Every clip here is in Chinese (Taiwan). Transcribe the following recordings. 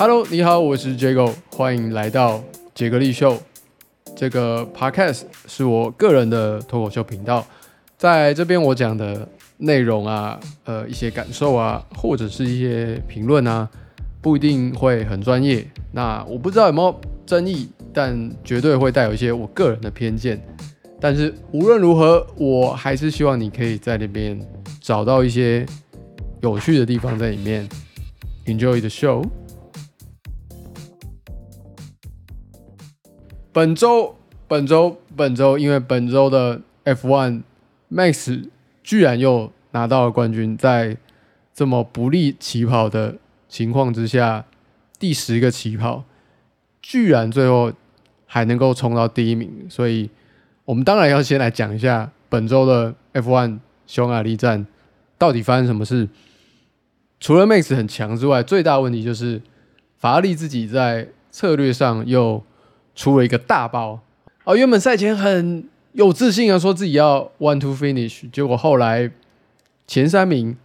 Hello，你好，我是 Jago，歡迎來到傑格利秀。這個 podcast 是我個人的脫口秀頻道，在這邊我講的內容啊，呃，一些感受啊，或者是一些評論啊，不一定會很專業。那我不知道有沒有爭議，但絕對會帶有一些我個人的偏見。但是無論如何，我還是希望你可以在那邊找到一些有趣的地方在裡面，Enjoy the show。本周，本周，本周，因為本周的 F1 Max 居然又拿到了冠軍，在這麼不利起跑的情況之下，第十個起跑居然最後還能夠衝到第一名，所以我們當然要先來講一下本周的 F1 匈牙利站到底發生什麼事。除了 Max 很強之外，最大問題就是法拉利自己在策略上又。出了一個大包啊！哦，原本賽前很有自信啊，說自己要 one two finish，結果後來前三名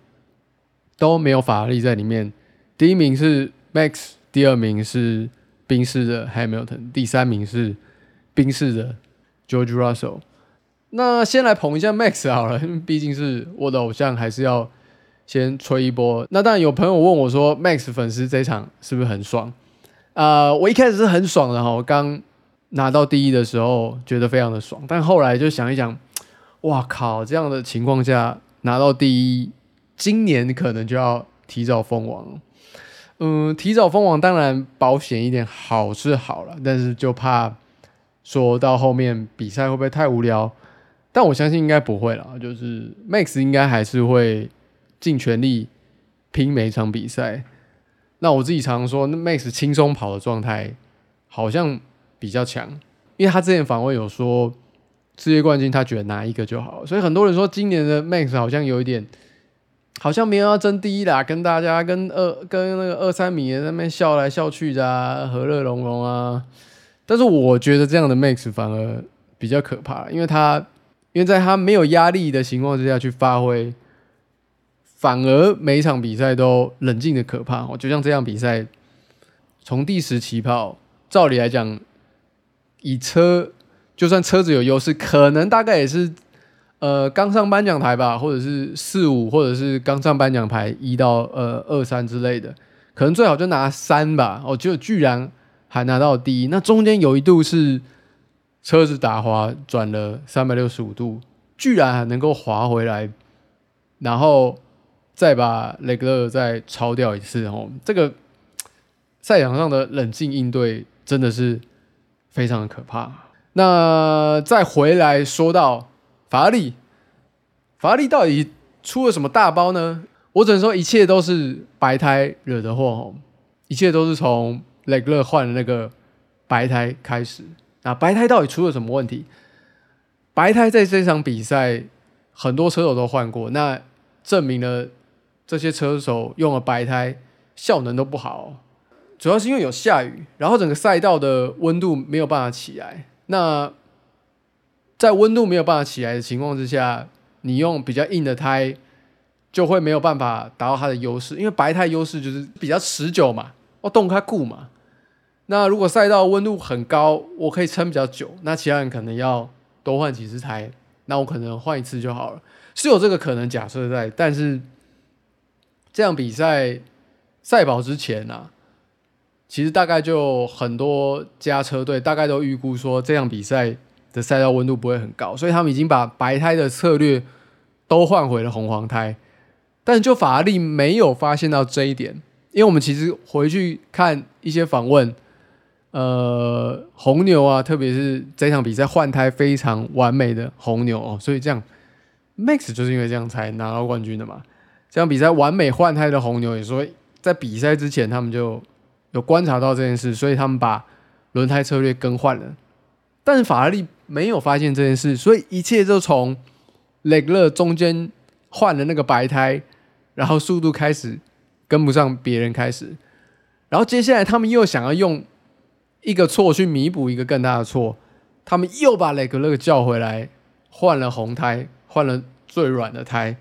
都沒有法拉利在裡面。第一名是 Max，第二名是賓士的 Hamilton，第三名是賓士的 George Russell，so。那先來捧一下 Max 好了，因為畢竟是我的偶像，還是要先吹一波。那當然有朋友問我說，Max 粉絲這場是不是很爽？呃，uh, 我一開始是很爽的哈，我剛拿到第一的時候覺得非常的爽，但後來就想一想，哇靠，這樣的情況下拿到第一，今年可能就要提早封王。嗯，提早封王當然保險一點，好是好了，但是就怕說到後面比賽會不會太無聊，但我相信應該不會啦，就是 Max 應該還是會盡全力拼每一場比賽。那我自己常說，那 Max 輕鬆跑的狀態好像比較強，因為他之前訪問有說，世界冠軍他覺得拿一個就好，所以很多人說今年的 Max 好像有一點，好像沒有要爭第一啦，跟大家跟二跟那個二三名在那邊笑來笑去的，啊，和樂融融啊。但是我覺得這樣的 Max 反而比較可怕，因為他因為在他沒有壓力的情況之下去發揮。反而每場比賽都冷靜的可怕哦，就像這樣比賽，從第十起跑，照理來講，以車就算車子有優勢，可能大概也是呃剛上頒獎台吧，或者是四五，或者是剛上頒獎台一到呃二三之類的，可能最好就拿三吧。哦，就居然還拿到第一，那中間有一度是車子打滑轉了三百六十五度，居然還能夠滑回來，然後。再把雷格勒再超掉一次哦，這個賽場上的冷靜應對真的是非常的可怕。那再回來說到法拉利，法拉利到底出了什麼大包呢？我只能說一切都是白胎惹的禍哦，一切都是從雷格勒換的那個白胎開始。那白胎到底出了什麼問題？白胎在這場比賽很多車手都換過，那證明了。這些車手用了白胎，效能都不好哦。主要是因為有下雨，然後整個賽道的溫度沒有辦法起來。那在溫度沒有辦法起來的情況之下，你用比較硬的胎就會沒有辦法達到它的優勢，因為白胎優勢就是比較持久嘛，我動它固嘛。那如果賽道溫度很高，我可以撐比較久，那其他人可能要多換幾次胎，那我可能換一次就好了，是有這個可能假設在，但是。這場比賽賽跑之前啊，其實大概就很多家車隊大概都預估說，這場比賽的賽道溫度不會很高，所以他們已經把白胎的策略都換回了紅黃胎。但就法拉利沒有發現到這一點，因為我們其實回去看一些訪問，呃，紅牛啊，特別是這場比賽換胎非常完美的紅牛哦，所以這樣 Max 就是因為這樣才拿到冠軍的嘛。這場比賽完美換胎的紅牛也說，在比賽之前他們就有觀察到這件事，所以他們把輪胎策略更換了。但是法拉利沒有發現這件事，所以一切就從雷格勒中間換了那個白胎，然後速度開始跟不上別人開始。然後接下來他們又想要用一個錯去彌補一個更大的錯，他們又把雷格勒叫回來，換了紅胎，換了最軟的胎。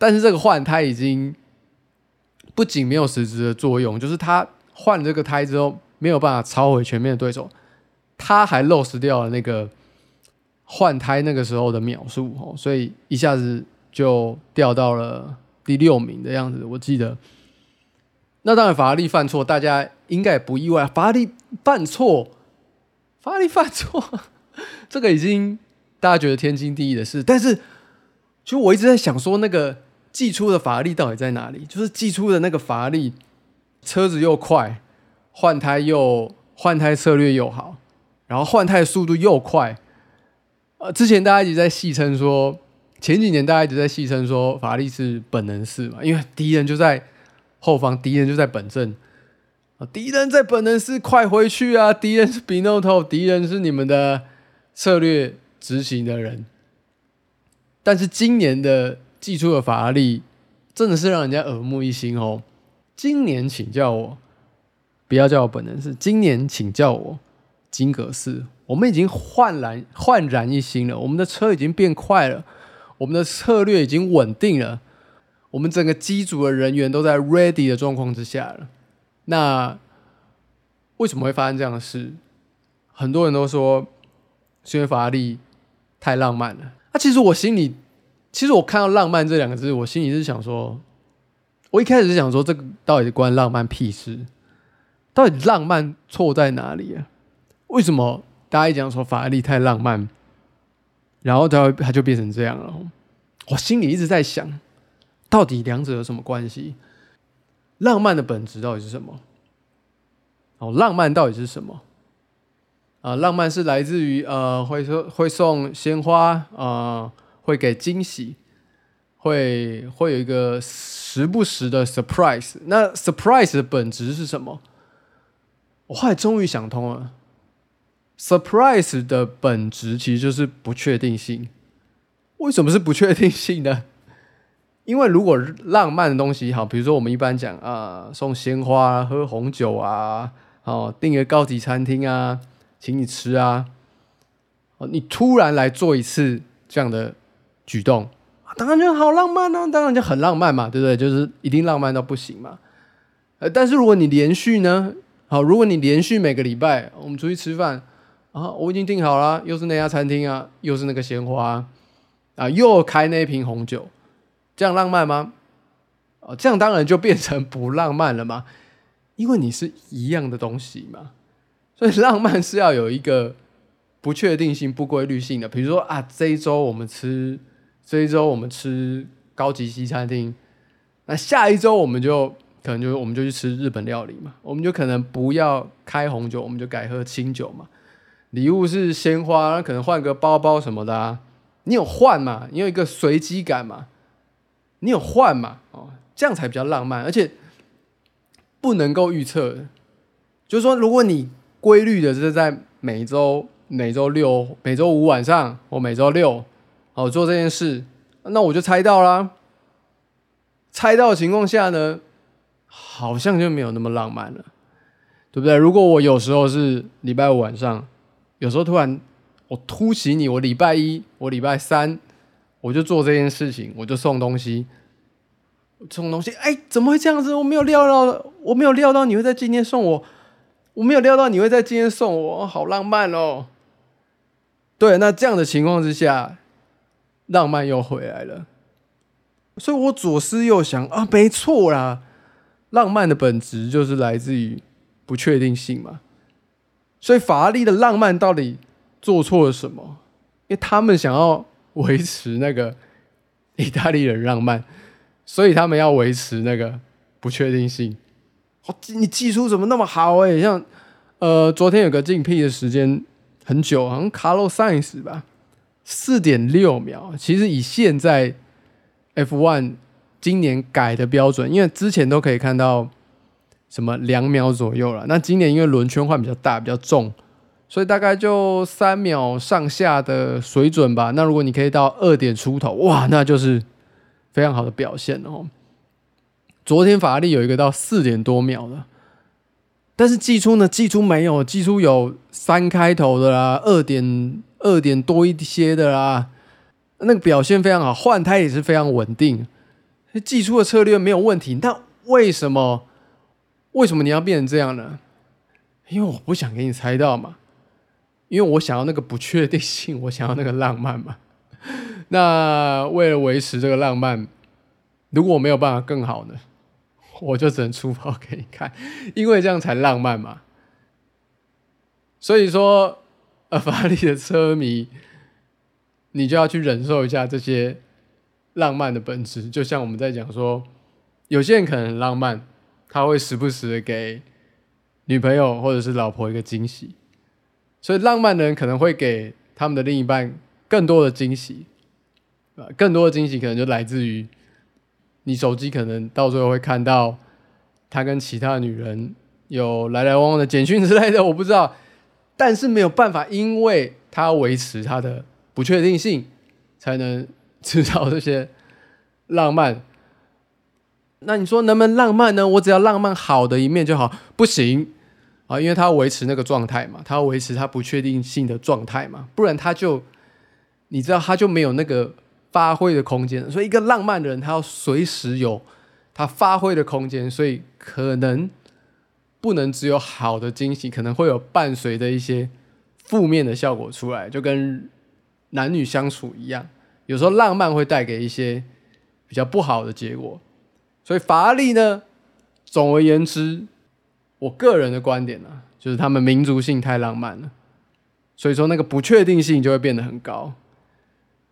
但是這個換胎已經不僅沒有實質的作用，就是他換這個胎之後沒有辦法超回前面的對手，他還 lost 掉了那個換胎那個時候的秒數哦，所以一下子就掉到了第六名的樣子。我記得，那當然法拉利犯錯，大家應該也不意外。法拉利犯錯，法拉利犯錯，這個已經大家覺得天經地義的事。但是其實我一直在想說那個。寄出的法拉利到底在哪裡？就是寄出的那個法拉利，車子又快，換胎又換胎策略又好，然後換胎速度又快。呃，之前大家一直在戲稱說，前幾年大家一直在戲稱說法拉利是本能寺嘛，因為敵人就在後方，敵人就在本陣，啊，敵人在本能寺快回去啊，敵人是 Binotto，敵人是你們的策略執行的人。但是今年的。寄出的法拉利，真的是讓人家耳目一新哦。今年請叫我，不要叫我本能寺，今年請叫我金格斯。我們已經煥然煥然一新了，我們的車已經變快了，我們的策略已經穩定了，我們整個機組的人員都在 ready 的狀況之下了。那為什麼會發生這樣的事？很多人都說，學法拉利太浪漫了。那、啊、其實我心裡。其實我看到“浪漫”這兩個字，我心裡是想說，我一開始是想說，這個、到底關浪漫屁事？到底浪漫錯在哪裡啊？為什麼大家一講說法拉利太浪漫，然後它它就變成這樣了？我心裡一直在想，到底兩者有什麼關係？浪漫的本質到底是什麼？哦，浪漫到底是什麼？啊，浪漫是來自於呃，會說會送鮮花啊。呃會給驚喜，會會有一個時不時的 surprise。那 surprise 的本質是什麼？我後來終於想通了，surprise 的本質其實就是不確定性。為什麼是不確定性呢？因為如果浪漫的東西，好，比如說我們一般講啊、呃，送鮮花、喝紅酒啊，哦，訂個高級餐廳啊，請你吃啊，哦，你突然來做一次這樣的。舉動，啊，當然就好浪漫了，啊，當然就很浪漫嘛，對不對？就是一定浪漫到不行嘛。呃，但是如果你連續呢，好，啊，如果你連續每個禮拜我們出去吃飯，啊，我已經訂好了，又是那家餐廳啊，又是那個鮮花啊，啊，又開那一瓶紅酒，這樣浪漫嗎？啊，這樣當然就變成不浪漫了嘛，因為你是一樣的東西嘛。所以浪漫是要有一個不確定性、不規律性的，比如說啊，這一週我們吃。這一周我們吃高級西餐廳，那下一周我們就可能就我們就去吃日本料理嘛，我們就可能不要開紅酒，我們就改喝清酒嘛。禮物是鮮花，那可能換個包包什麼的啊。你有換嘛？你有一個隨機感嘛？你有換嘛？哦，這樣才比較浪漫，而且不能夠預測。就是說，如果你規律的，是在每周每周六、每周五晚上或每周六。好做這件事，那我就猜到啦。猜到的情況下呢，好像就沒有那麼浪漫了，對不對？如果我有時候是禮拜五晚上，有時候突然我突襲你，我禮拜一、我禮拜三，我就做這件事情，我就送東西，我送東西。哎，怎麼會這樣子？我沒有料到，我沒有料到你會在今天送我，我沒有料到你會在今天送我，好浪漫哦。對，那這樣的情況之下。浪漫又回來了，所以我左思右想啊，沒錯啦，浪漫的本質就是來自於不確定性嘛。所以法拉利的浪漫到底做錯了什麼？因為他們想要維持那個意大利人浪漫，所以他們要維持那個不確定性。哦，你技術怎麼那麼好誒、欸？像呃，昨天有個競聘的時間很久，好像 Carlos Sainz 吧。四點六秒，其實以現在 F1 今年改的標準，因為之前都可以看到什麼兩秒左右了。那今年因為輪圈換比較大、比較重，所以大概就三秒上下的水準吧。那如果你可以到二點出頭，哇，那就是非常好的表現哦、喔。昨天法拉利有一個到四點多秒的，但是寄出呢？寄出沒有？寄出有三開頭的啦，二點。二點多一些的啦、啊，那個表現非常好，換胎也是非常穩定，寄出的策略沒有問題。但為什麼為什麼你要變成這樣呢？因為我不想給你猜到嘛，因為我想要那個不確定性，我想要那個浪漫嘛。那為了維持這個浪漫，如果我沒有辦法更好呢，我就只能出包給你看，因為這樣才浪漫嘛。所以說。而法拉利的車迷，你就要去忍受一下這些浪漫的本質。就像我們在講說，有些人可能很浪漫，他會時不時的給女朋友或者是老婆一個驚喜。所以，浪漫的人可能會給他們的另一半更多的驚喜。更多的驚喜可能就來自於你手機，可能到最後會看到他跟其他女人有來來往往的簡訊之類的。我不知道。但是沒有辦法，因為他要維持他的不確定性，才能製造這些浪漫。那你說能不能浪漫呢？我只要浪漫好的一面就好，不行啊，因為他要維持那個狀態嘛，他要維持他不確定性的狀態嘛，不然他就，你知道他就沒有那個發揮的空間。所以一個浪漫的人，他要隨時有他發揮的空間，所以可能。不能只有好的驚喜，可能會有伴隨的一些負面的效果出來，就跟男女相處一樣，有時候浪漫會帶給一些比較不好的結果。所以法拉利呢，總而言之，我個人的觀點呢、啊，就是他們民族性太浪漫了，所以說那個不確定性就會變得很高。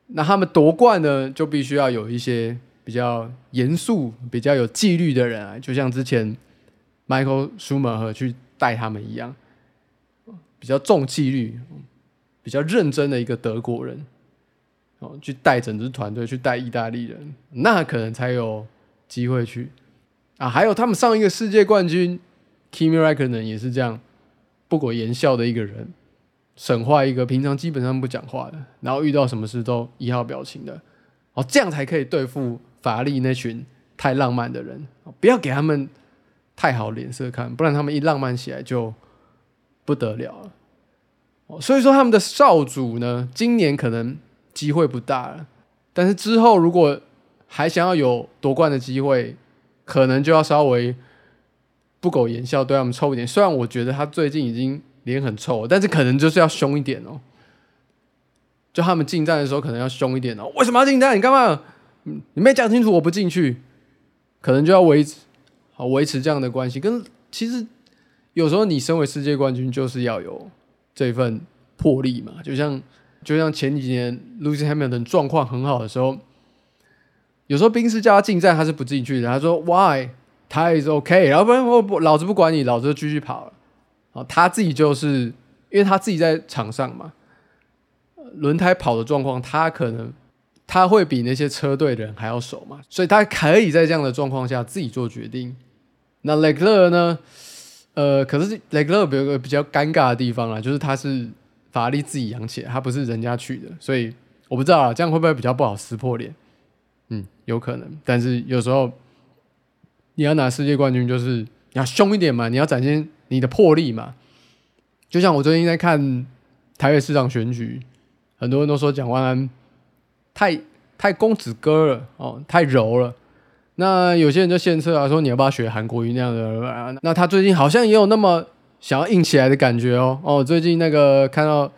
那他們奪冠呢，就必須要有一些比較嚴肅、比較有紀律的人啊，就像之前。Michael Schumacher 去帶他們一樣，比較重紀律、比較認真的一個德國人，哦，去帶整支團隊，去帶意大利人，那可能才有機會去啊。還有他們上一個世界冠軍 Kimi Raikkonen 也是這樣不苟言笑的一個人，省話一個，平常基本上不講話的，然後遇到什麼事都一號表情的哦，這樣才可以對付法拉利那群太浪漫的人，哦，不要給他們。太好臉色看，不然他們一浪漫起來就不得了了。所以說他們的少主呢，今年可能機會不大了。但是之後如果還想要有奪冠的機會，可能就要稍微不苟言笑，對他們臭一點。雖然我覺得他最近已經臉很臭，但是可能就是要凶一點哦。就他們進站的時候可能要凶一點哦。為什麼要進站？你幹嘛？你沒講清楚，我不進去。可能就要維持。維持這樣的關係，跟其實有時候你身為世界冠軍，就是要有這份魄力嘛。就像就像前幾年 Lewis Hamilton 狀況很好的時候，有時候兵士叫他進站，他是不進去的。他說：“Why? 他 is OK。”然後不然我不，不，不老子不管你，老子就繼續跑了。他自己就是因為他自己在場上嘛，輪胎跑的狀況，他可能他會比那些車隊的人還要熟嘛，所以他可以在這樣的狀況下自己做決定。那雷克勒呢？呃，可是雷克勒有一個比較尷尬的地方啊，就是他是法拉利自己養起來，他不是人家去的，所以我不知道啊，這樣會不會比較不好撕破臉？嗯，有可能。但是有時候你要拿世界冠軍，就是你要兇一點嘛，你要展現你的魄力嘛。就像我最近在看台北市長選舉，很多人都說蔣萬安太太公子哥了哦，太柔了。那有些人就獻策啊，說你要不要學韓國瑜那樣的、啊？那他最近好像也有那麼想要硬起來的感覺哦。哦，最近那個看到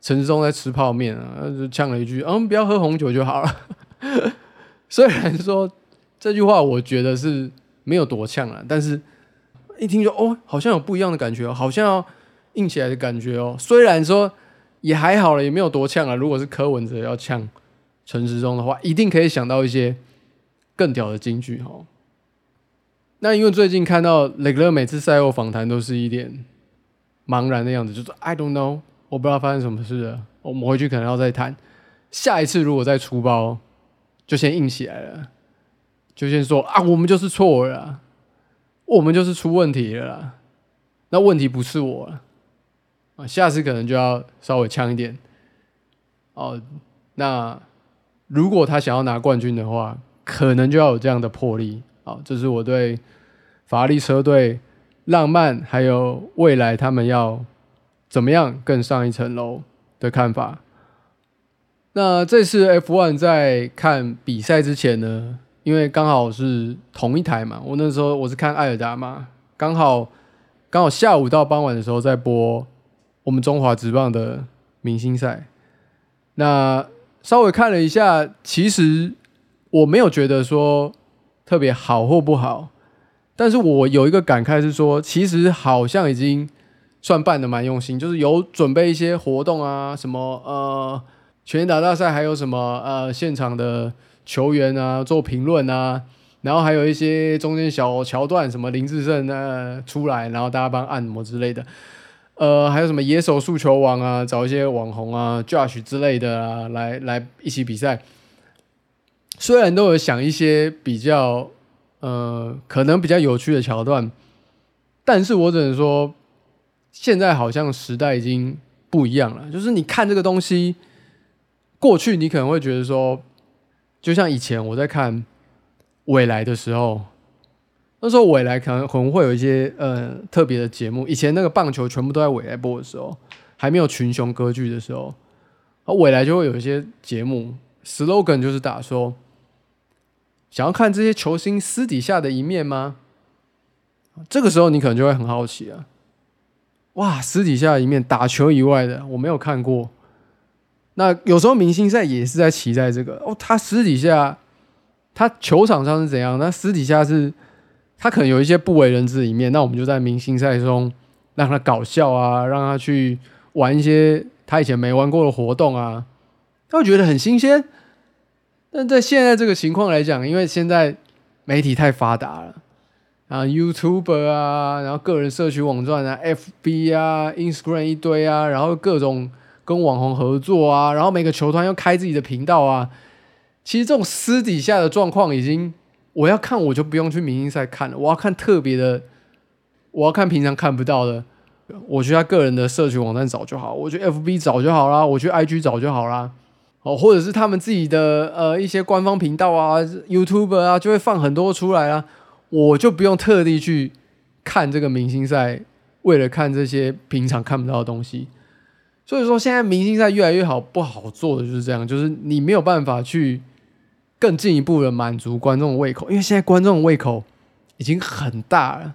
陳時中在吃泡麵啊，就嗆了一句：“嗯，不要喝紅酒就好了。 ”雖然說這句話我覺得是沒有多嗆啊，但是一聽說哦，好像有不一樣的感覺哦，好像要、哦、硬起來的感覺哦。雖然說也還好了，也沒有多嗆啊。如果是柯文哲要嗆陳時中的話，一定可以想到一些。更屌的金句哈，那因為最近看到雷克勒每次賽後訪談都是一臉茫然的樣子，就說、是、“I don't know”，我不知道發生什麼事了。我們回去可能要再談，下一次如果再出包，就先硬起來了，就先說啊，我們就是錯了，我們就是出問題了，那問題不是我了，啊，下次可能就要稍微嗆一點哦。那如果他想要拿冠軍的話，可能就要有這樣的魄力啊！這，就是我對法拉利車隊、浪漫還有未來他們要怎麼樣更上一層樓的看法。那這次 F1 在看比賽之前呢，因為剛好是同一台嘛，我那時候我是看愛爾達嘛，剛好剛好下午到傍晚的時候在播我們中華職棒的明星賽。那稍微看了一下，其實，我沒有覺得說特別好或不好，但是我有一個感慨是說，其實好像已經算辦得蠻用心，就是有準備一些活動啊，什麼呃全壘打大賽，還有什麼呃現場的球員啊做評論啊，然後還有一些中間小橋段，什麼林志勝啊、呃、出來，然後大家幫按摩之類的，呃，還有什麼野手速球王啊，找一些網紅啊 Josh 之類的啊，來來一起比賽。雖然都有想一些比較，呃，可能比較有趣的橋段，但是我只能說，現在好像時代已經不一樣了。就是你看這個東西，過去你可能會覺得說，就像以前我在看未來的時候，那時候未來可能可能會有一些呃特別的節目。以前那個棒球全部都在未來播的時候，還沒有群雄割據的時候，而未來就會有一些節目，slogan 就是打說。想要看這些球星私底下的一面嗎？這個時候你可能就會很好奇啊，哇，私底下的一面，打球以外的我沒有看過。那有時候明星賽也是在期待這個哦，他私底下，他球場上是怎樣？那私底下是他可能有一些不為人知的一面。那我們就在明星賽中讓他搞笑啊，讓他去玩一些他以前沒玩過的活動啊，他會覺得很新鮮。但在現在這個情況來講，因為現在媒體太發達了啊，YouTuber 啊，然後個人社群網站啊，FB 啊，Instagram 一堆啊，然後各種跟網紅合作啊，然後每個球團要開自己的頻道啊，其實這種私底下的狀況已經，我要看我就不用去明星賽看了，我要看特別的，我要看平常看不到的，我去他個人的社群網站找就好，我去 FB 找就好啦，我去 IG 找就好啦。哦，或者是他們自己的呃一些官方頻道啊，YouTube 啊，就會放很多出來啦、啊。我就不用特地去看這個明星賽，為了看這些平常看不到的東西。所以說，現在明星賽越來越好，不好做的就是這樣，就是你沒有辦法去更進一步的滿足觀眾的胃口，因為現在觀眾的胃口已經很大了。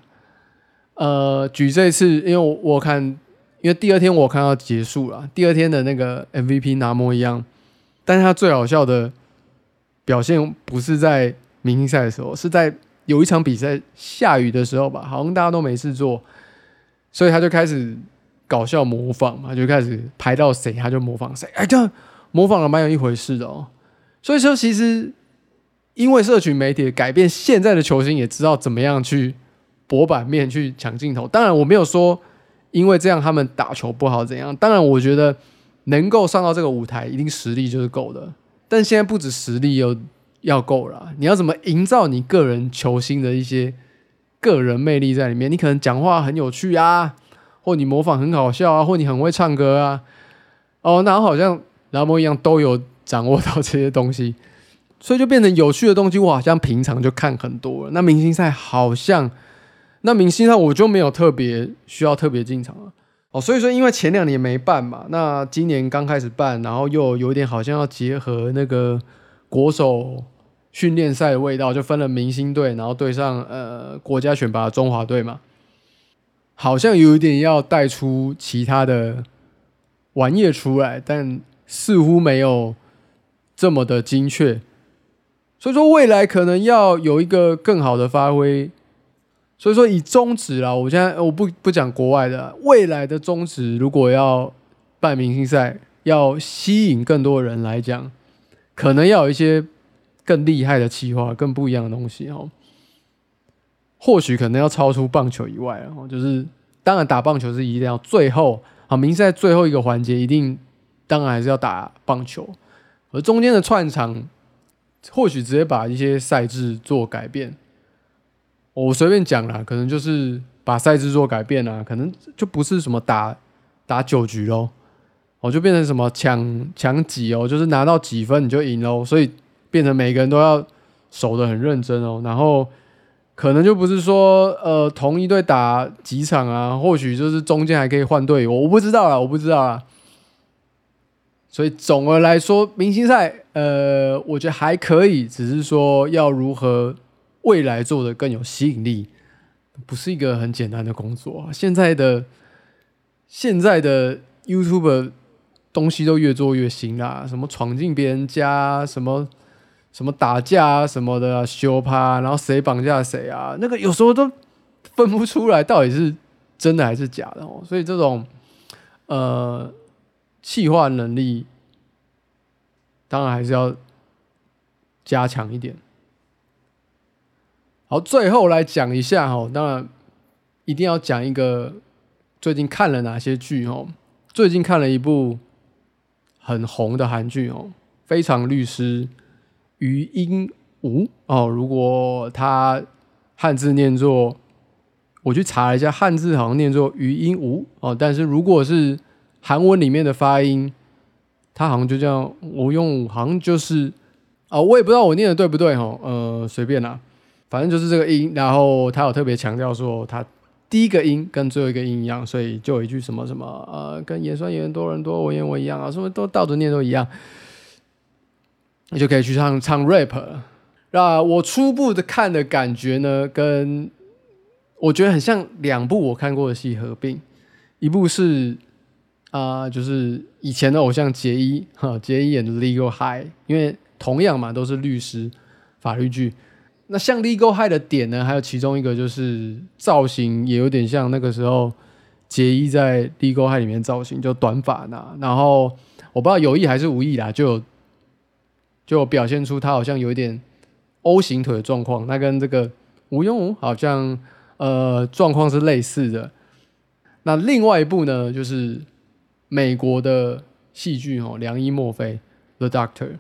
呃，舉這一次，因為我看，因為第二天我看到結束了，第二天的那個 MVP 拿摩一樣。但是他最好笑的表現不是在明星賽的時候，是在有一場比賽下雨的時候吧，好像大家都沒事做，所以他就開始搞笑模仿嘛，就開始拍到誰他就模仿誰，哎，這模仿了蠻有一回事的喔。所以說，其實因為社群媒體改變，現在的球星也知道怎麼樣去博版面、去搶鏡頭。當然，我沒有說因為這樣他們打球不好怎樣。當然，我覺得。能夠上到這個舞台，一定實力就是夠的。但現在不止實力又要要夠了啊，你要怎麼營造你個人球星的一些個人魅力在裡面？你可能講話很有趣啊，或你模仿很好笑啊，或你很會唱歌啊。哦，那好像拉莫一樣都有掌握到這些東西，所以就變成有趣的東西。我好像平常就看很多了。那明星賽好像，那明星賽我就沒有特別需要特別進場了。所以說，因為前兩年沒辦嘛，那今年剛開始辦，然後又有，有點好像要結合那個國手訓練賽的味道，就分了明星隊，然後對上呃國家選拔的中華隊嘛，好像有一點要帶出其他的玩意出來，但似乎沒有這麼的精確，所以說未來可能要有一個更好的發揮。所以說，以中職啦，我現在我不不講國外的未來的中職。如果要辦明星賽，要吸引更多人來講，可能要有一些更厲害的企劃、更不一樣的東西哦、喔。或許可能要超出棒球以外哦、喔。就是當然打棒球是一定要最後好，明星賽最後一個環節一定當然還是要打棒球，而中間的串場或許直接把一些賽制做改變。哦，我隨便講啦，可能就是把賽制做改變啦，可能就不是什麼打打九局嘍，哦，就變成什麼搶搶幾哦，就是拿到幾分你就贏嘍，所以變成每一個人都要守得很認真哦、喔，然後可能就不是說呃同一隊打幾場啊，或許就是中間還可以換隊友，我不知道啦，我不知道啦，所以總而來說，明星賽，呃，我覺得還可以，只是說要如何。未來做的更有吸引力，不是一個很簡單的工作啊！現在的現在的 YouTuber 東西都越做越新啦，什麼闖進別人家，什麼什麼打架啊，什麼的啊，修趴然後誰綁架誰啊，那個有時候都分不出來到底是真的還是假的哦。所以這種呃，企劃能力當然還是要加強一點。好，最後來講一下哈，當然一定要講一個最近看了哪些劇哦。最近看了一部很紅的韓劇哦，非常律師禹英禑哦，如果他漢字念作，我去查了一下漢字，好像念作禹英禑哦。但是如果是韓文裡面的發音，它好像就這樣，我用好像就是啊、哦，我也不知道我念的對不對哈。呃，隨便啦。反正就是這個音，然後他有特別強調說，他第一個音跟最後一個音一樣，所以就有一句什麼什麼呃，跟鹽酸鹽多倫多文言文一樣啊，什麼都倒着念都一樣，你就可以去唱唱 rap 了。那、啊、我初步的看的感覺呢，跟我覺得很像兩部我看過的戲合併，一部是啊、呃，就是以前的偶像杰伊哈，杰伊演的《Legal High》，因為同樣嘛，都是律師法律劇。那像 Legal High 的點呢，還有其中一個就是造型也有點像那個時候結衣在 Legal High 裡面造型，就短髮吶。然後我不知道有意還是無意啦，就有就有表現出他好像有一點 O 型腿的狀況。那跟這個禹英禑好像呃狀況是類似的。那另外一部呢，就是美國的戲劇哦，良醫墨菲 The Doctor，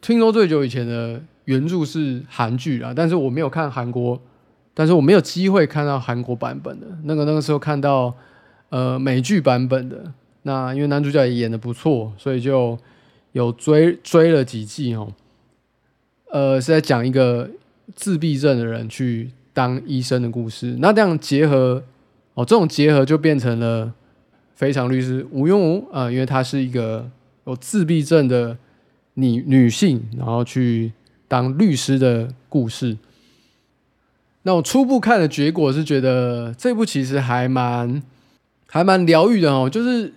聽說最久以前的。原著是韓劇啊，但是我沒有看韓國，但是我沒有機會看到韓國版本的那個。那個時候看到，呃，美劇版本的那，因為男主角也演得不錯，所以就有追追了幾季哦。呃，是在講一個自閉症的人去當醫生的故事。那這樣結合哦，這種結合就變成了非常律師禹英禑啊，因為他是一個有自閉症的女女性，然後去。當律師的故事，那我初步看的結果是覺得這部其實還蠻還蠻療癒的哦喔，就是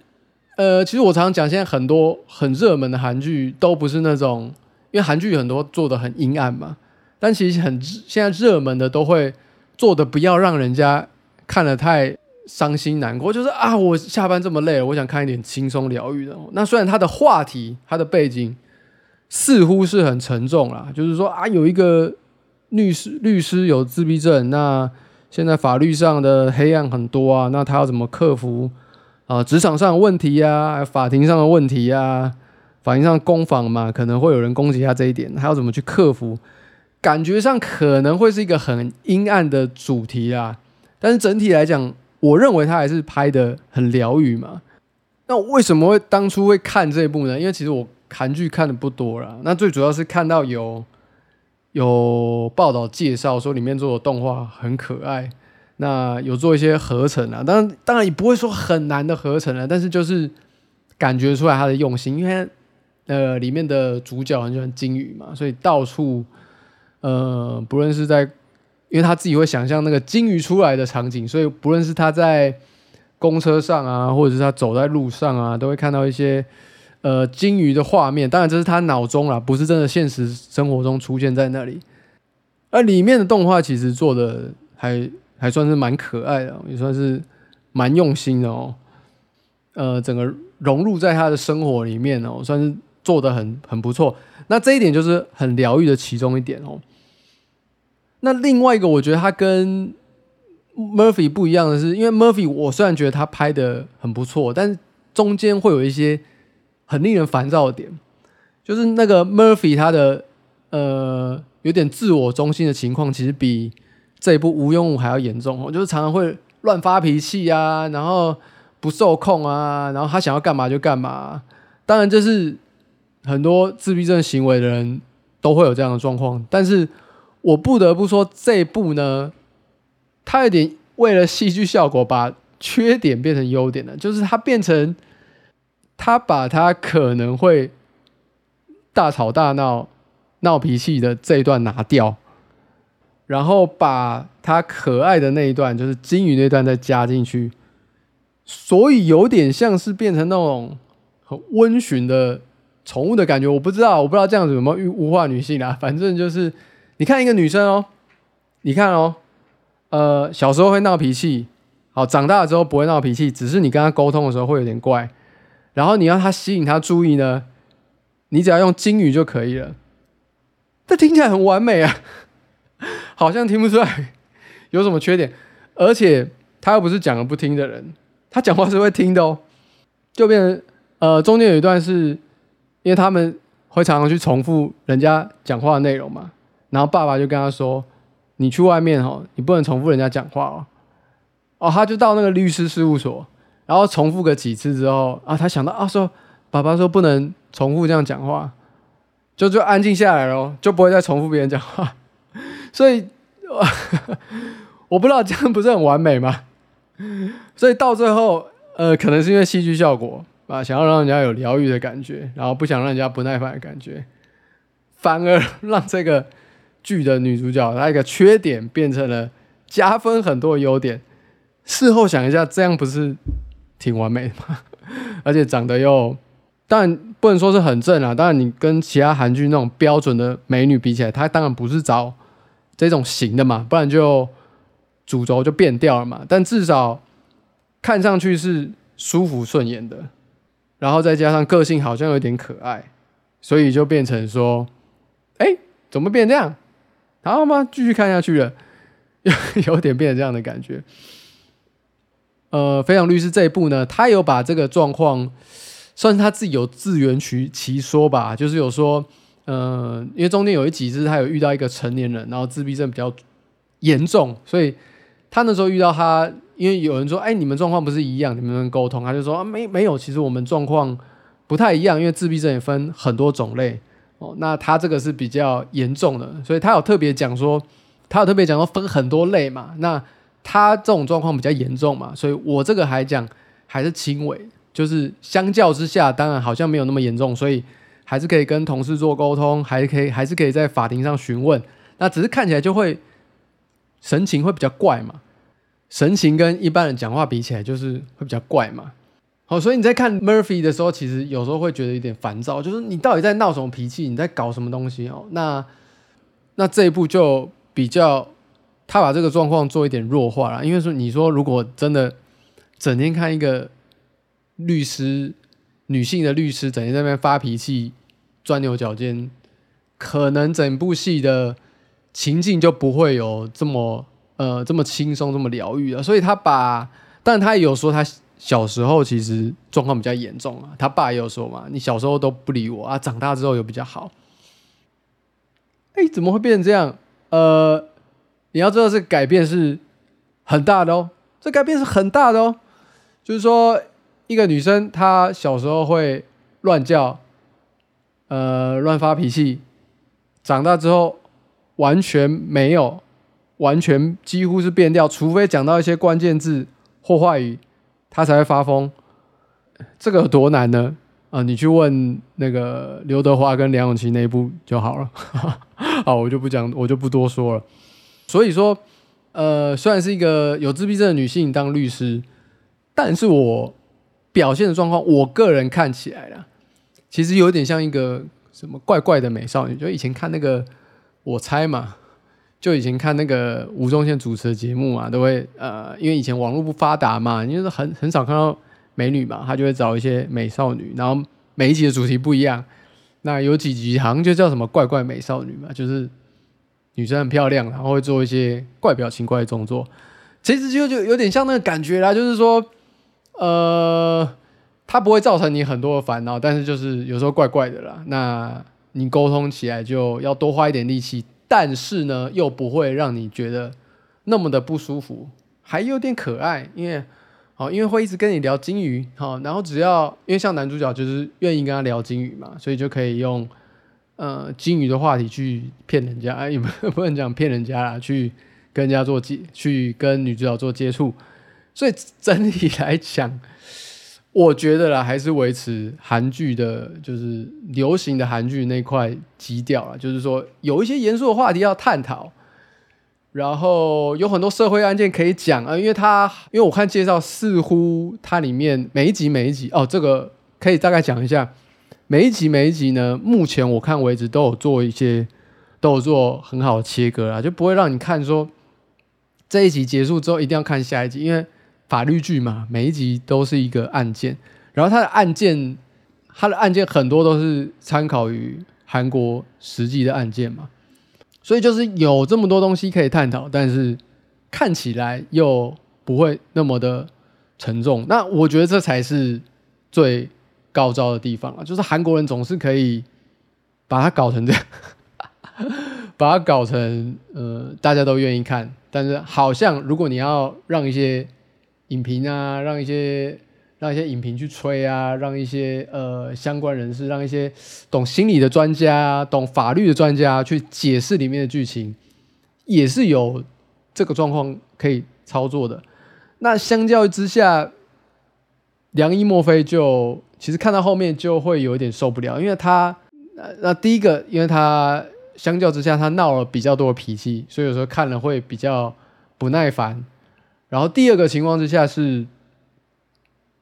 呃，其實我常常講，現在很多很熱門的韓劇都不是那種，因為韓劇很多做的很陰暗嘛，但其實很現在熱門的都會做的不要讓人家看了太傷心難過，就是啊，我下班這麼累，我想看一點輕鬆療癒的喔。那雖然它的話題，它的背景。似乎是很沉重啦，就是說啊，有一個律師，律師有自閉症，那現在法律上的黑暗很多啊，那他要怎麼克服啊、呃？職場上的問題呀、啊，法庭上的問題呀、啊，法庭上攻防嘛，可能會有人攻擊他這一點，他要怎麼去克服？感覺上可能會是一個很陰暗的主題啦，但是整體來講，我認為他還是拍得很療癒嘛。那我為什麼會當初會看這一部呢？因為其實我。韓劇看的不多了，那最主要是看到有有報道介紹說裡面做的動畫很可愛，那有做一些合成啊，當然當然也不會說很難的合成啊，但是就是感覺出來他的用心，因為呃裡面的主角很像鯨魚嘛，所以到處呃不論是在，因為他自己會想象那個鯨魚出來的場景，所以不論是他在公車上啊，或者是他走在路上啊，都會看到一些。呃，鯨魚的畫面，當然這是他腦中啦，不是真的現實生活中出現在那裡。而裡面的動畫其實做的還還算是蠻可愛的，也算是蠻用心的喔。呃，整個融入在他的生活裡面喔，算是做的很很不錯。那這一點就是很療癒的其中一點喔。那另外一個，我覺得他跟 Murphy 不一樣的是，因為 Murphy，我雖然覺得他拍的很不錯，但是中間會有一些。很令人煩躁的點，就是那個 Murphy 他的呃有點自我中心的情況，其實比這一部《禹英禑》還要嚴重。我就是常常會亂發脾氣啊，然後不受控啊，然後他想要幹嘛就幹嘛。當然，就是很多自閉症行為的人都會有這樣的狀況，但是我不得不說，這一部呢，它有點為了戲劇效果把缺點變成優點了，就是它變成。他把他可能會大吵大鬧、鬧脾氣的這一段拿掉，然後把他可愛的那一段，就是金魚那段再加進去，所以有點像是變成那種很溫馴的寵物的感覺。我不知道，我不知道這樣子有沒有物化女性啊？反正就是，你看一個女生哦，你看哦，呃，小時候會鬧脾氣，好，長大了之後不會鬧脾氣，只是你跟她溝通的時候會有點怪。然後你讓他吸引他注意呢，你只要用鯨魚就可以了。這聽起來很完美啊，好像聽不出來有什麼缺點，而且他又不是講了不聽的人，他講話是會聽的哦。就變成呃，中間有一段是，因為他們會常常去重複人家講話的內容嘛。然後爸爸就跟他說：“你去外面齁、哦，你不能重複人家講話哦。”哦，他就到那個律師事務所。然後重複個幾次之後啊，他想到啊，說爸爸說不能重複這樣講話，就就安靜下來嘍哦，就不會再重複別人講話。所以我不知道這樣不是很完美嗎？所以到最後，呃，可能是因為戲劇效果啊，想要讓人家有療癒的感覺，然後不想讓人家不耐煩的感覺，反而讓這個劇的女主角她一個缺點變成了加分很多的優點。事後想一下，這樣不是？挺完美的嘛，而且長得又，當然不能說是很正啊。當然你跟其他韓劇那種標準的美女比起來，她當然不是找這種型的嘛，不然就主軸就變掉了嘛。但至少看上去是舒服順眼的，然後再加上個性好像有點可愛，所以就變成說，哎、欸，怎麼變這樣？然後嘛？繼續看下去了，有 有點變成這樣的感覺。呃，非常律師這一部呢，他有把這個狀況，算是他自己有自圓其其說吧，就是有說，呃，因為中間有一集是他有遇到一個成年人，然後自閉症比較嚴重，所以他那時候遇到他，因為有人說，哎、欸，你們狀況不是一樣，你們能溝通？他就說，啊、沒沒有，其實我們狀況不太一樣，因為自閉症也分很多種類哦。那他這個是比較嚴重的，所以他有特別講說，他有特別講說分很多類嘛，那。他這種狀況比較嚴重嘛，所以我這個還講還是輕微，就是相較之下，當然好像沒有那麼嚴重，所以還是可以跟同事做溝通，還可以，還是可以在法庭上詢問。那只是看起來就會神情會比較怪嘛，神情跟一般人講話比起來，就是會比較怪嘛。好，哦，所以你在看 Murphy 的時候，其實有時候會覺得有點煩躁，就是你到底在鬧什麼脾氣，你在搞什麼東西哦。那那這一步就比較。他把這個狀況做一點弱化了，因為說你說如果真的整天看一個律師女性的律師整天在那邊發脾氣鑽牛角尖，可能整部戲的情境就不會有這麼呃這麼輕鬆這麼療癒了。所以他把，但他也有說他小時候其實狀況比較嚴重啊，他爸也有說嘛，你小時候都不理我啊，長大之後又比較好。哎，怎麼會變成這樣？呃。你要知道，這改變是很大的哦，這個，改變是很大的哦。就是說，一個女生她小時候會亂叫，呃，亂發脾氣，長大之後完全沒有，完全幾乎是變調，除非講到一些關鍵字或話語，她才會發瘋。這個有多難呢？啊、呃，你去問那個劉德華跟梁詠琪那一部就好了。 好，我就不講，我就不多說了。所以說，呃，雖然是一個有自閉症的女性當律師，但是我表現的狀況，我個人看起來啦，其實有點像一個什麼怪怪的美少女。就以前看那個，我猜嘛，就以前看那個吳宗憲主持的節目嘛，都會呃，因為以前網絡不發達嘛，因為很很少看到美女嘛，他就會找一些美少女，然後每一集的主題不一樣，那有幾集好像就叫什麼怪怪美少女嘛，就是。女生很漂亮，然後會做一些怪表情、怪的動作，其實就就有點像那個感覺啦，就是說，呃，它不會造成你很多的煩惱，但是就是有時候怪怪的啦，那你溝通起來就要多花一點力氣，但是呢又不會讓你覺得那麼的不舒服，還有點可愛，因為哦，因為會一直跟你聊金魚，哈、哦，然後只要因為像男主角就是願意跟他聊金魚嘛，所以就可以用。呃、嗯，鯨魚的話題去騙人家啊，也不不能講騙人家啦，去跟人家做接，去跟女主角做接觸。所以整體來講，我覺得啦，還是維持韓劇的，就是流行的韓劇那塊基調啦。就是說，有一些嚴肅的話題要探討，然後有很多社會案件可以講啊、呃。因為它，因為我看介紹，似乎它裡面每一集每一集哦，這個可以大概講一下。每一集每一集呢，目前我看為止都有做一些，都有做很好的切割啦，就不會讓你看說，這一集結束之後一定要看下一集，因為法律劇嘛，每一集都是一個案件，然後它的案件，它的案件很多都是參考於韓國實際的案件嘛，所以就是有這麼多東西可以探討，但是看起來又不會那麼的沉重，那我覺得這才是最。高招的地方啊，就是韓國人總是可以把它搞成這樣， 把它搞成呃大家都願意看。但是好像如果你要讓一些影評啊，讓一些讓一些影評去吹啊，讓一些呃相關人士，讓一些懂心理的專家、啊、懂法律的專家、啊、去解釋裡面的劇情，也是有這個狀況可以操作的。那相較之下，《良醫墨菲就其實看到後面就會有點受不了，因為他那那第一個，因為他相較之下他鬧了比較多的脾氣，所以有時候看了會比較不耐煩。然後第二個情況之下是，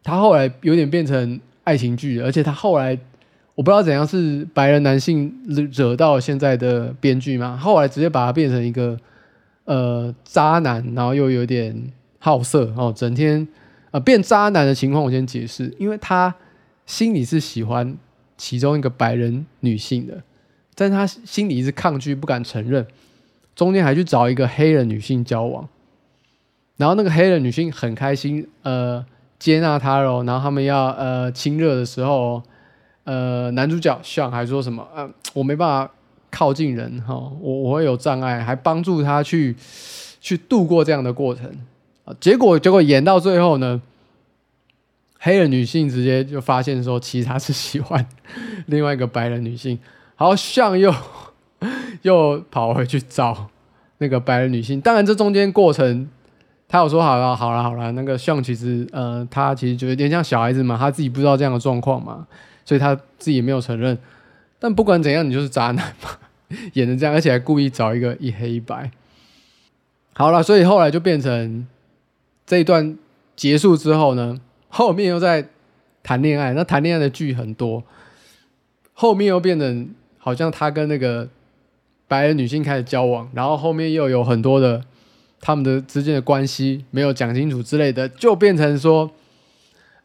他後來有點變成愛情劇，而且他後來我不知道怎樣是白人男性惹到現在的編劇嘛，後來直接把他變成一個呃渣男，然後又有點好色哦，整天呃變渣男的情況我先解釋，因為他。心裡是喜歡其中一個白人女性的，但他心裡一直抗拒不敢承認，中間還去找一個黑人女性交往，然後那個黑人女性很開心，呃，接納他嘍，然後他們要呃親熱的時候，呃，男主角想還說什麼，呃，我沒辦法靠近人哈、哦，我我會有障礙，還幫助他去去度過這樣的過程。結果結果演到最後呢，黑人女性直接就發現說，其實他是喜歡另外一個白人女性，好像又 又跑回去找那個白人女性。當然，這中間過程，他有說好了，好了，好了。那個向其實，呃，他其實就有點像小孩子嘛，他自己不知道這樣的狀況嘛，所以他自己也沒有承認。但不管怎樣，你就是渣男嘛，演成這樣，而且還故意找一個一黑一白。好了，所以後來就變成這一段結束之後呢，後面又在談戀愛，那談戀愛的劇很多。後面又變成好像他跟那個白人女性開始交往，然後後面又有很多的他們的之間的關係沒有講清楚之類的，就變成說，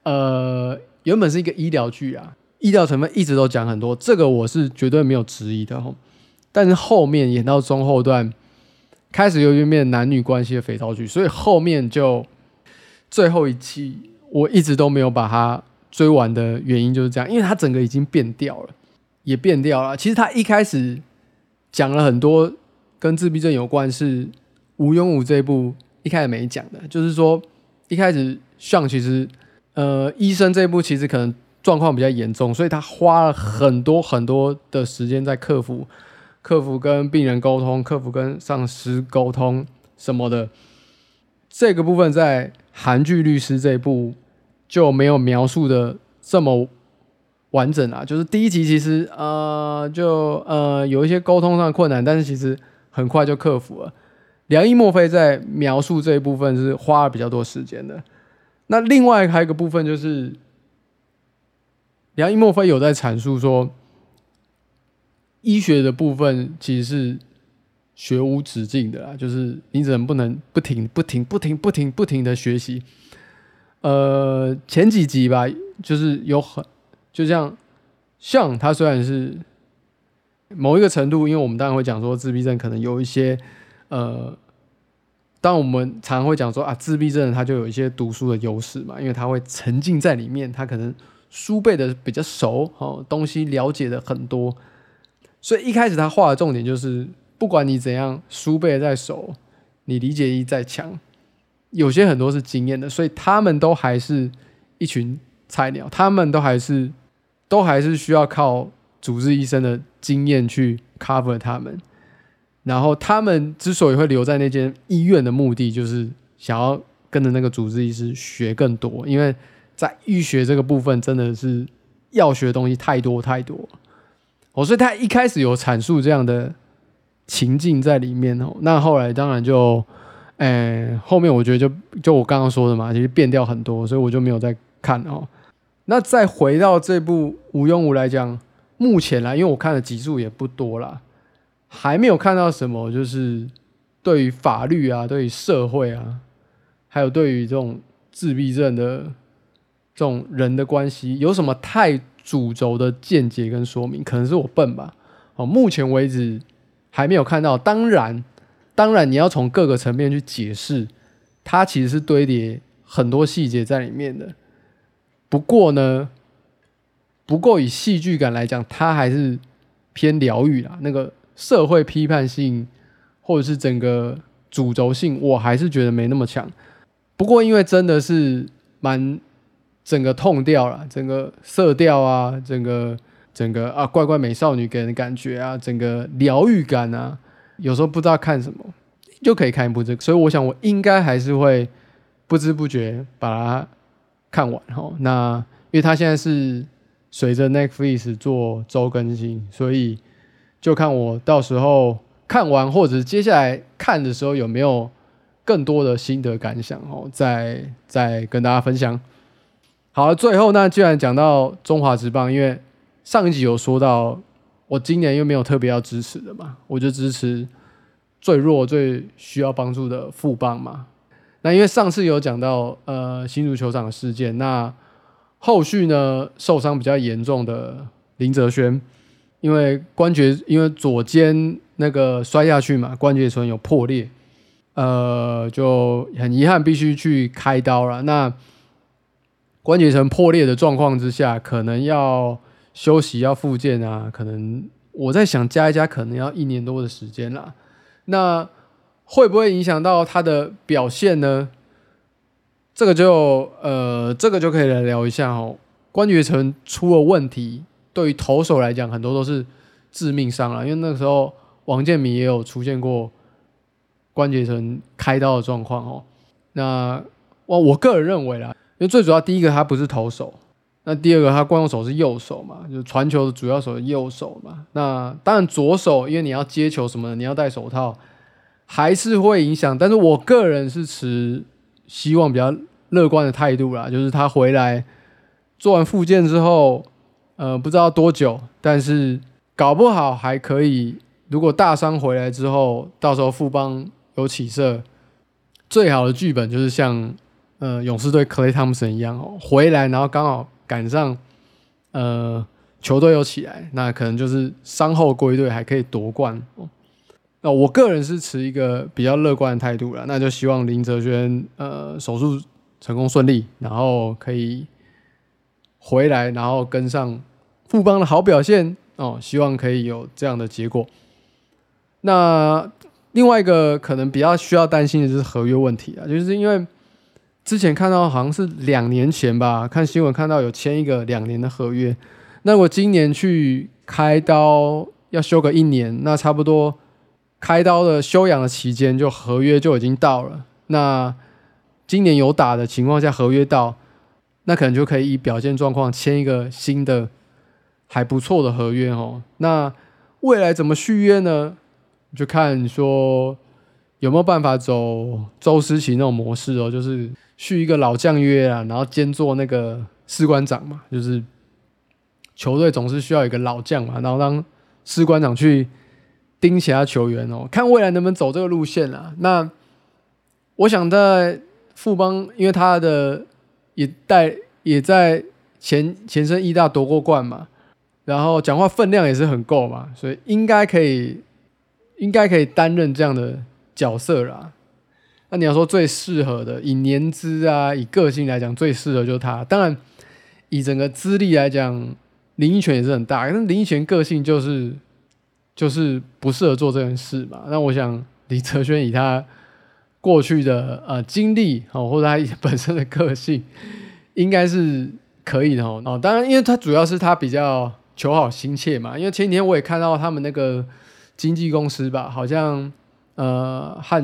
呃，原本是一個醫療劇啊，醫療成分一直都講很多，這個我是絕對沒有質疑的吼。但是後面演到中後段，開始有點變男女關係的肥皂劇，所以後面就最後一期。我一直都沒有把它追完的原因就是這樣，因為他整個已經變掉了，也變掉了。其實他一開始講了很多跟自閉症有關事，是禹英禑這一部一開始沒講的，就是說一開始像其實呃醫生這一部其實可能狀況比較嚴重，所以他花了很多很多的時間在克服，克服跟病人溝通、克服跟上司溝通什麼的。這個部分在韓劇律師這一部，就沒有描述的這麼完整啊，就是第一集其實呃就呃有一些溝通上的困難，但是其實很快就克服了。良醫墨菲在描述這一部分是花了比較多時間的。那另外還有一個部分就是良醫墨菲有在闡述說，醫學的部分其實是學無止境的啦，就是你只能不能不停不停不停不停不停，不停的學習。呃，前幾集吧，就是有很，就像，像他雖然是某一個程度，因為我們當然會講說自閉症可能有一些，呃，當我們常常會講說啊，自閉症他就有一些讀書的優勢嘛，因為他會沉浸在裡面，他可能書背的比較熟，哦，東西了解的很多，所以一開始他畫的重點就是，不管你怎樣書背的再熟，你理解力再強。有些很多是經驗的，所以他們都還是一群菜鳥，他們都還是都還是需要靠主治醫生的經驗去 cover 他們。然後他們之所以會留在那間醫院的目的，就是想要跟着那個主治醫師學更多，因為在醫學這個部分真的是要學的東西太多太多。哦，所以他一開始有闡述這樣的情境在裡面哦，那後來當然就。哎、欸，後面我覺得就就我剛剛說的嘛，其實變掉很多，所以我就沒有再看哦、喔。那再回到這部《禹英禑》來講，目前來，因為我看的集數也不多了，還沒有看到什麼，就是對於法律啊、對於社會啊，還有對於這種自閉症的這種人的關係，有什麼太主軸的見解跟說明。可能是我笨吧，哦、喔，目前為止還沒有看到。當然。當然，你要從各個層面去解釋，它其實是堆疊很多細節在裡面的。不過呢，不過以戲劇感來講，它還是偏療癒啦。那個社會批判性或者是整個主軸性，我還是覺得沒那麼強。不過因為真的是蠻整個 tone 調了，整個色調啊，整個整個啊，怪怪美少女給人的感覺啊，整個療癒感啊。有時候不知道看什麼，就可以看一部、這個。所以我想我應該還是會不知不覺把它看完哈、哦。那因為他現在是隨着 Netflix 做周更新，所以就看我到時候看完或者接下來看的時候有沒有更多的心得感想哦，再再跟大家分享。好了，最後呢，既然講到《中華職棒》，因為上一集有說到。我今年又沒有特別要支持的嘛，我就支持最弱、最需要幫助的富邦嘛。那因為上次有講到呃新竹球場的事件，那後續呢受傷比較嚴重的林哲瑄，因為關節因為左肩那個摔下去嘛，關節唇有破裂，呃就很遺憾必須去開刀了。那關節唇破裂的狀況之下，可能要。休息要復健啊，可能我在想加一加，可能要一年多的時間啦。那會不會影響到他的表現呢？這個就呃，這個就可以來聊一下哦、喔。關節層出了問題，對於投手來講，很多都是致命傷啦。因為那個時候王建民也有出現過關節層開刀的狀況哦。那我我個人認為啦，因為最主要第一個，他不是投手。那第二個，他慣用手是右手嘛，就是傳球的主要手是右手嘛。那當然左手，因為你要接球什麼的，你要戴手套，還是會影響。但是我個人是持希望比較樂觀的態度啦，就是他回來做完復健之後，呃，不知道多久，但是搞不好還可以。如果大傷回來之後，到時候富邦有起色，最好的劇本就是像呃勇士隊 Clay Thompson 一樣喔，回來然後剛好。趕上，呃，球隊又起來，那可能就是傷後歸隊還可以奪冠哦。那我個人是持一個比較樂觀的態度了，那就希望林哲軒呃手術成功順利，然後可以回來，然後跟上富邦的好表現哦，希望可以有這樣的結果。那另外一個可能比較需要擔心的就是合約問題啊，就是因為。之前看到好像是兩年前吧，看新聞看到有簽一個兩年的合約。那我今年去開刀要休個一年，那差不多開刀的休養的期間就合約就已經到了。那今年有打的情況下，合約到，那可能就可以以表現狀況簽一個新的還不錯的合約哦。那未來怎麼續約呢？就看說。有沒有辦法走周思齊那種模式哦，就是續一個老將約啊，然後兼做那個士官長嘛。就是球隊總是需要一個老將嘛，然後當士官長去盯其他球員哦，看未來能不能走這個路線啊。那我想在富邦，因為他的也帶也在前前身義大奪過冠嘛，然後講話分量也是很夠嘛，所以應該可以，應該可以擔任這樣的。角色啦，那你要說最適合的，以年資啊，以個性來講，最適合就是他。當然，以整個資歷來講，林益全也是很大，但林益全個性就是就是不適合做這件事嘛。那我想李哲軒以他過去的呃經歷哦，或者他本身的個性，應該是可以的哦。當然，因為他主要是他比較求好心切嘛。因為前幾天我也看到他們那個經紀公司吧，好像。呃，漢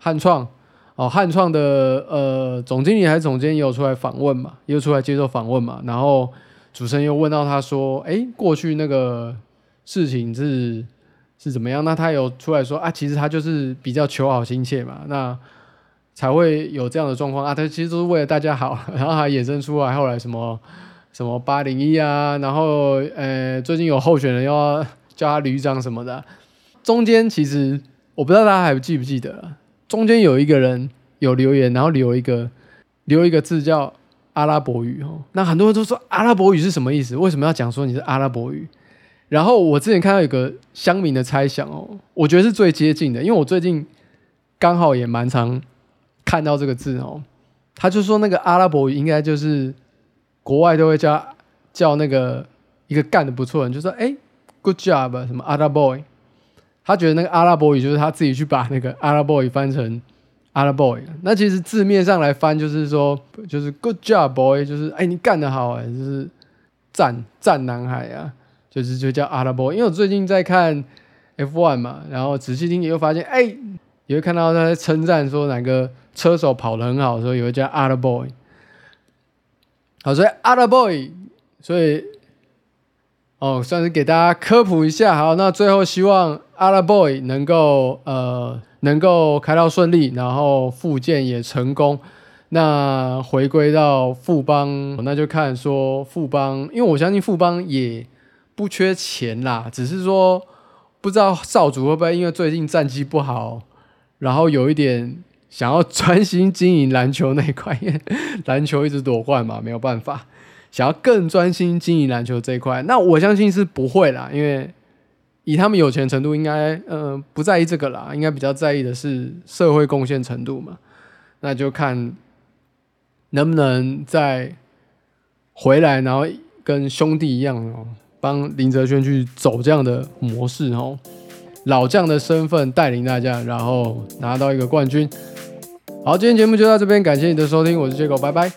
漢創哦，漢創的呃總經理還是總監也有出來訪問嘛，也有出來接受訪問嘛。然後主持人又問到他說：“哎、欸，過去那個事情是是怎麼樣？”那他有出來說啊，其實他就是比較求好心切嘛，那才會有這樣的狀況啊。他其實都是為了大家好，然後還衍生出來後來什麼什麼八零一啊，然後呃、欸，最近有候選人要叫他旅長什麼的，中間其實，我不知道大家還記不記得啊，中間有一個人有留言，然後留一個留一個字叫阿拉伯語哦，那很多人都說阿拉伯語是什麼意思？為什麼要講說你是阿拉伯語？然後我之前看到有個鄉民的猜想哦，我覺得是最接近的，因為我最近剛好也蠻常看到這個字哦。他就說那個阿拉伯語應該就是國外都會叫叫那個一個幹得不錯的人，就說誒，good job 什麼阿拉伯語。他覺得那個 Araboy 就是他自己去把那個 Araboy 翻成 Araboy。那其實字面上來翻就是說，就是 Good job, boy！就是哎，欸、你幹得好哎、欸，就是讚讚男孩啊，就是就叫 Araboy。因為我最近在看 F1 嘛，然後仔細聽，你又發現哎，你、欸、會看到他在稱讚說哪個車手跑得很好，所以有會叫 Araboy。好，所以 Araboy，所以哦，算是給大家科普一下。好，那最後希望。阿拉 boy 能夠呃能夠開到順利，然後復健也成功，那回歸到富邦，那就看說富邦，因為我相信富邦也不缺錢啦，只是說不知道少主會不會因為最近戰績不好，然後有一點想要專心經營籃球那一塊，籃球一直奪冠嘛，沒有辦法，想要更專心經營籃球這一塊，那我相信是不會啦，因為。以他們有錢程度，應該嗯、呃、不在意這個啦，應該比較在意的是社會貢獻程度嘛。那就看能不能再回來，然後跟兄弟一樣哦，幫林哲瑄去走這樣的模式哦，老將的身份帶領大家，然後拿到一個冠軍。好，今天節目就到這邊，感謝你的收聽，我是傑狗，拜拜。